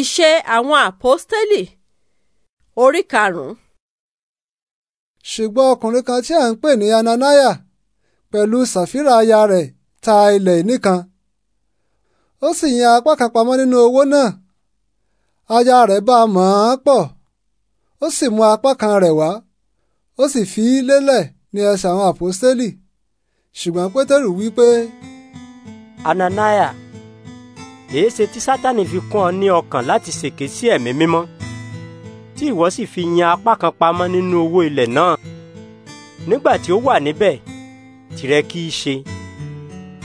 Iṣẹ́ àwọn àpọ́stélì orí karùn-ún. Ṣùgbọ́n ọkùnrin kan tí à ń pè ní Ananaya pẹ̀lú Sàfírà aya rẹ̀ ta ilẹ̀ nìkan Ó sì yan apá kan pamọ́ nínú owó náà. Aya rẹ̀ bá a mọ̀ ọ́n pọ̀. Ó sì mú apá kan rẹ̀ wá. Ó sì fi í lélẹ̀ ní ẹsẹ̀ àwọn àpọ́stélì. Ṣùgbọ́n Pétérù wí pé. Ananaya. èéṣe tí sátani fi kún ọ ní ọkàn láti ṣèké sí ẹ̀mí mímọ́ tí ìwọ sì fi yan apá kan pamọ́ nínú owó ilẹ̀ náà nígbà tí ó wà níbẹ̀ tìrẹ kì í ṣe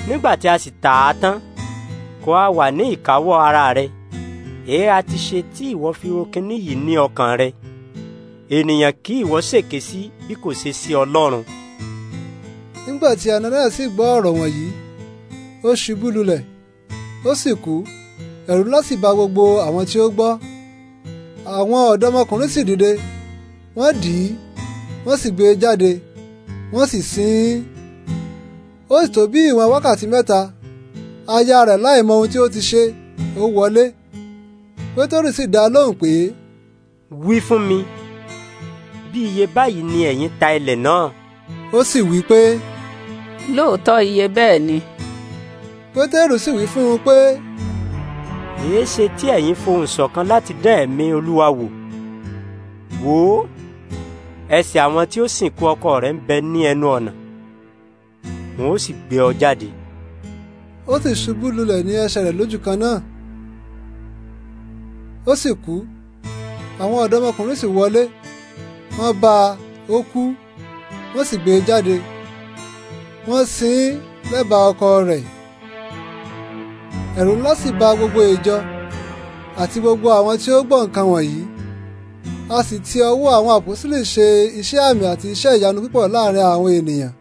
nígbà tí a sì tà á tán kó a wà ní ìkáwọ́ ara rẹ èé a ti ṣe tí ìwọ fi ro kinní yìí ní ọkàn rẹ ènìyàn kì ìwọ ṣèké sí bí kò ṣe sí Ọlọ́run. nígbà tí Ananias gbọ́ ọ̀rọ̀ wọ̀nyí ó ṣubú lulẹ̀ ó sì kú ẹ̀rù ńlá sì bà gbogbo àwọn tí ó gbọ́ àwọn ọ̀dọ́mọkùnrin sì dìde wọ́n dì í wọ́n sì gbé e jáde wọ́n sì sin ín ó sì tó bí ìwọ̀n wákàtí mẹ́ta aya rẹ̀ láì mọ ohun tí ó ti ṣe ó wọlé pétérì sì dá lóhùn pé. wí fún mi bí iye báyìí ni ẹ̀yin ta ilẹ̀ náà. ó sì wí pé. lóòótọ́ iye bẹ́ẹ̀ ni pétérù sì wí fún un pé. èé ṣe tí ẹ̀yin fohùn ṣọ̀kan láti dán ẹ̀mí olúwa wò wò ó ẹsẹ̀ àwọn tí ó sìnkú ọkọ rẹ̀ ń bẹ ní ẹnu ọ̀nà wọn ó sì gbé ọ jáde. ó sì ṣubú lulẹ̀ ní ẹsẹ̀ rẹ̀ lójú kan náà ó sì kú àwọn ọ̀dọ́mọkùnrin sì wọlé wọ́n bá a ó kú wọ́n sì gbé e jáde wọ́n sin lẹ́bàá ọkọ rẹ̀ ẹ̀rù ńlá sì ba gbogbo ìjọ àti gbogbo àwọn tí ó gbọ́ nǹkan wọ̀nyí a sì ti ọwọ́ àwọn àpòsílẹ̀ ṣe iṣẹ́ àmì àti iṣẹ́ ìyanu púpọ̀ láàrin àwọn ènìyàn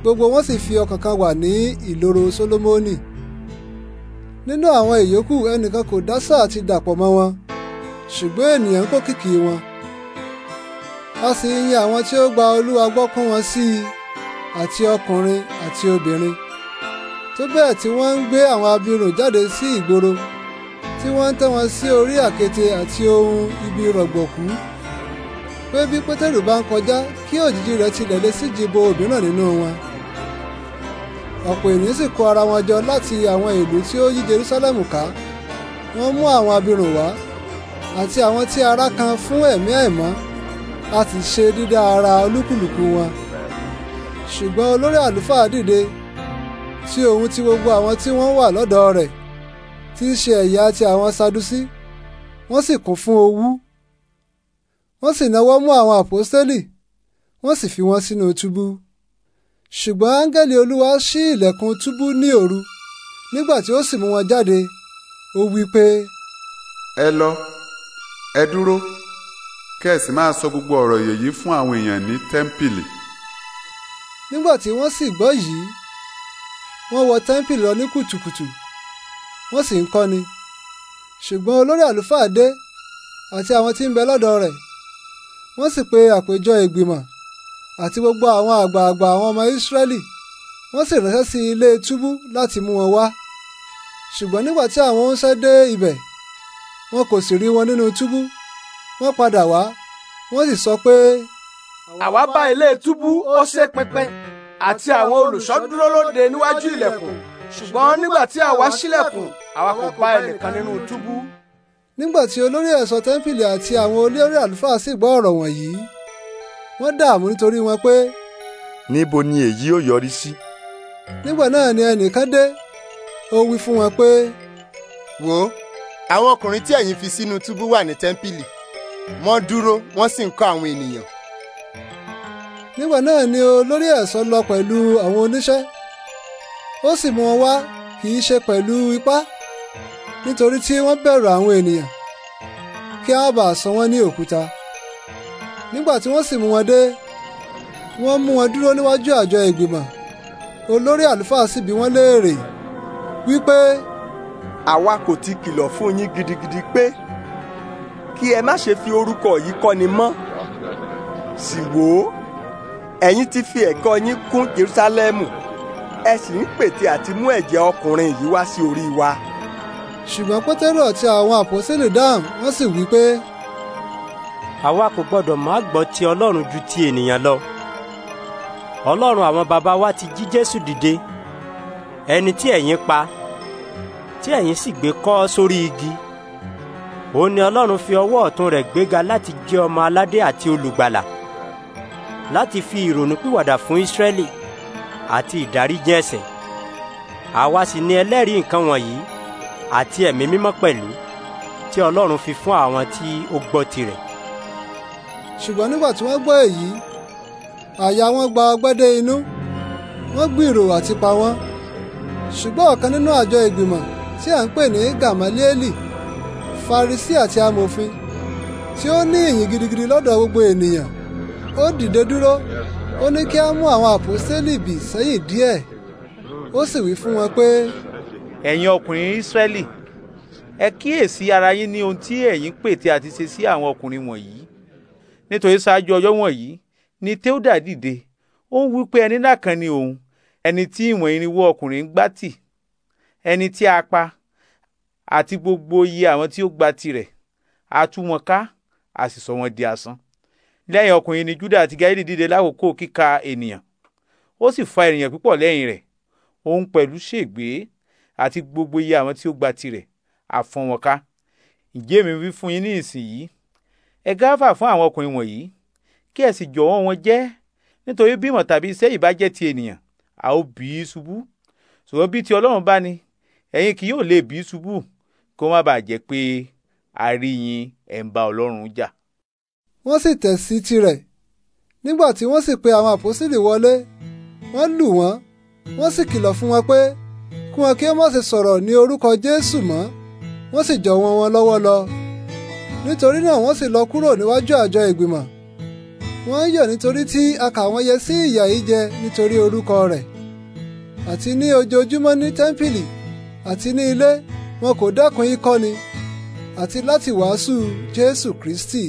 gbogbo wọn sì fi ọkàn kan wà ní ìloro Sólómọ́nì nínú àwọn ìyókù ẹnìkan kò dásà àti dàpọ̀ mọ́ wọn ṣùgbọ́n ènìyàn ń kó kìkì wọn a sì yin àwọn tí ó gba Olúwa gbọ́ kún wọn sí i àti ọkùnrin àti obìnrin tó bẹ́ẹ̀ tí wọ́n ń gbé àwọn abirùn jáde sí ìgboro tí wọ́n ń tẹ́ wọn sí orí àkéte àti ohun ibi rọ̀gbọ̀kú pé bí pétérù bá ń kọjá kí òjìji rẹ̀ tilẹ̀ lè síji bo òmíràn nínú wọn ọ̀pọ̀ ènìyàn sì kó ara wọn jọ láti àwọn ìlú tí ó yí jerúsálẹ́mù ká wọ́n mú àwọn abirùn wá àti àwọn tí ara kan fún ẹ̀mí àìmọ́ a sì ṣe dídá ara olúkúlùkù wọn ṣùgbọ́n olórí àlùfáà dìde tí òun ti gbogbo àwọn tí wọ́n wà lọ́dọ̀ rẹ̀ tí í ṣe ẹ̀yà ti àwọn sadusí wọ́n sì kún fún owú wọ́n sì náwó mú àwọn àpọ́stélì wọ́n sì fi wọ́n sínú túbú ṣùgbọ́n áńgẹ́lì olúwa ṣí ilẹ̀kùn túbú ní òru nígbà tí ó sì mú wọn jáde ó wí pé. ẹ lọ ẹ dúró kẹ́ ẹ sì máa sọ gbogbo ọ̀rọ̀ yèyí fún àwọn èèyàn ní tẹ́ḿpìlì. nígbà tí wọ́n sì gbọ́ yìí wọ́n wọ tẹ́ḿpìlì lọ ní kùtùkùtù wọ́n sì ń kọ́ni ṣùgbọ́n olórí àlùfáà dé àti àwọn tí ń bẹ lọ́dọ̀ rẹ̀ wọ́n sì pe àpéjọ ìgbìmọ̀ àti gbogbo àwọn àgbààgbà àwọn ọmọ Ísírẹ́lì wọ́n sì ránṣẹ́ sí ilé túbú láti mú wọn wá ṣùgbọ́n nígbà tí àwọn oúnṣẹ́ dé ibẹ̀ wọn kò sì rí wọn nínú túbú wọ́n padà wá wọ́n sì sọ pé. àwa bá ilé túbú ó ṣe pẹpẹ àti àwọn olùṣọ́dúró lóde níwájú ilẹ̀kùn ṣùgbọ́n nígbà tí àwa ṣílẹ̀kùn àwa kò pa ẹnìkan nínú túbú. nígbà tí olórí ẹ̀ṣọ́ tẹ́ḿpìlì àti àwọn olórí àlùfáà sì gbọ́ ọ̀rọ̀ wọ̀nyí wọ́n dààmú nítorí wọn pé. níbo ni èyí ó yọrí sí. nígbà náà ni ẹnìkan dé ó wí fún wọn pé. Wo? ó àwọn ọkùnrin tí ẹ̀yin fi sínú túbú wà ní tẹ́ḿpìlì wọ́n dúró wọ́n sì ń kọ́ àwọn ènìyàn nígbà náà ni olórí ẹ̀ṣọ́ lọ pẹ̀lú àwọn oníṣẹ́ ó sì mú wọn wá kì í ṣe pẹ̀lú ipá nítorí tí wọ́n bẹ̀rù àwọn ènìyàn kí a bàa sọ wọ́n ní òkúta nígbà tí wọ́n sì mú wọn dé wọ́n mú wọn dúró níwájú àjọ ìgbìmọ̀ olórí àlùfáà sì bí wọ́n léèrè wípé. àwa kò ti kìlọ̀ fún yín gidigidi pé kí ẹ má ṣe fi orúkọ yìí kọ́ni mọ́ sì wò ó ẹ̀yin ti fi ẹ̀kọ́ yín kún Jerúsálẹ́mù ẹ sì ń pètè àti mú ẹ̀jẹ̀ ọkùnrin yìí wá sí orí wa. ṣùgbọ́n pétérù àti àwọn àpòsílì dáhùn wọ́n sì wí pé. àwa kò gbọ́dọ̀ má gbọ́ ti ọlọ́run ju ti ènìyàn lọ ọlọ́run àwọn baba wa ti jí jésù dìde ẹni tí ẹ̀yin pa tí ẹ̀yin sì gbé kọ́ sórí igi òun ni ọlọ́run fi ọwọ́ ọ̀tún rẹ̀ gbéga láti jẹ́ ọmọ aládé àti olùgbàlà láti fi ìrònú pìwàdà fún Ísírẹ́lì àti ìdáríjì ẹ̀ṣẹ̀ àwa sì ni ẹlẹ́rìí nǹkan wọ̀nyí àti ẹ̀mí mímọ́ pẹ̀lú tí Ọlọ́run fi fún àwọn tí ó gbọ́ tirẹ̀. ṣùgbọ́n nígbà tí wọ́n gbọ́ èyí àyà wọn gba ọgbẹ́ dé inú wọ́n gbìrò àti pa wọ́n ṣùgbọ́n ọ̀kan nínú àjọ ìgbìmọ̀ tí à ń pè ní Gamalieli Farisí àti amòfin tí ó ní ìyìn gidigidi lọ́dọ̀ gbogbo ènìyàn ó dìde dúró ó ní kí á mú àwọn àpòstélì bì sẹ́yìn díẹ̀ ó sì wí fún wọn pé. ẹ̀yin ọkùnrin Ísírẹ́lì ẹ kíyèsí ara yín ní ohun tí ẹ̀yin pè tí a ti ṣe sí àwọn ọkùnrin wọ̀nyí nítorí ṣáájú ọjọ́ wọ̀nyí ni Teuda dìde ó ń wí pé ẹni náà kan ni òun ẹni tí ìwọ̀n irinwó ọkùnrin gbá tì ẹni tí a pa àti gbogbo iye àwọn tí ó gba tirẹ̀ a tú wọn ká a sì sọ wọn di asán lẹ́yìn ọkùnrin ni Júdà àti Gáírì dìde lákòókò kíka ènìyàn ó sì fa ènìyàn púpọ̀ lẹ́yìn rẹ̀ òun pẹ̀lú ṣègbé àti gbogbo iye àwọn tí ó gba tirẹ̀ àfọ̀n wọn ká ǹjẹ́ mi wí fún yín ní ìsìnyí ẹ gáfà fún àwọn ọkùnrin wọ̀nyí kí ẹ sì jọ̀wọ́ wọn jẹ́ nítorí bímọ tàbí iṣẹ́ ìbájẹ́ ti ènìyàn a ó bì í ṣubú ṣùgbọ́n bí ti Ọlọ́run bá ní ẹ̀yin kì yóò lè bì í ṣubú kó má bàa jẹ́ pé a rí yín ẹ̀ ń bá Ọlọ́run jà wọ́n sì tẹ̀ sí tirẹ̀ nígbà tí wọ́n sì pe àwọn àpòsílì wọlé wọ́n lù wọ́n wọ́n sì kìlọ̀ fún wọn pé kí wọn kí wọ́n má ṣe sọ̀rọ̀ ní orúkọ Jésù mọ́ wọ́n sì jọ̀wọ́ wọn lọ́wọ́ lọ nítorí náà wọ́n sì lọ kúrò níwájú àjọ ìgbìmọ̀ wọ́n yọ̀ nítorí tí a kà wọ́n yẹ sí ìyà ìjẹ nítorí orúkọ rẹ̀ àti ní ojoojúmọ́ ní tẹ́ḿpìlì àti ní ilé wọn kò dákun ìkọ́ni àti láti wàásù Jésù Kristi.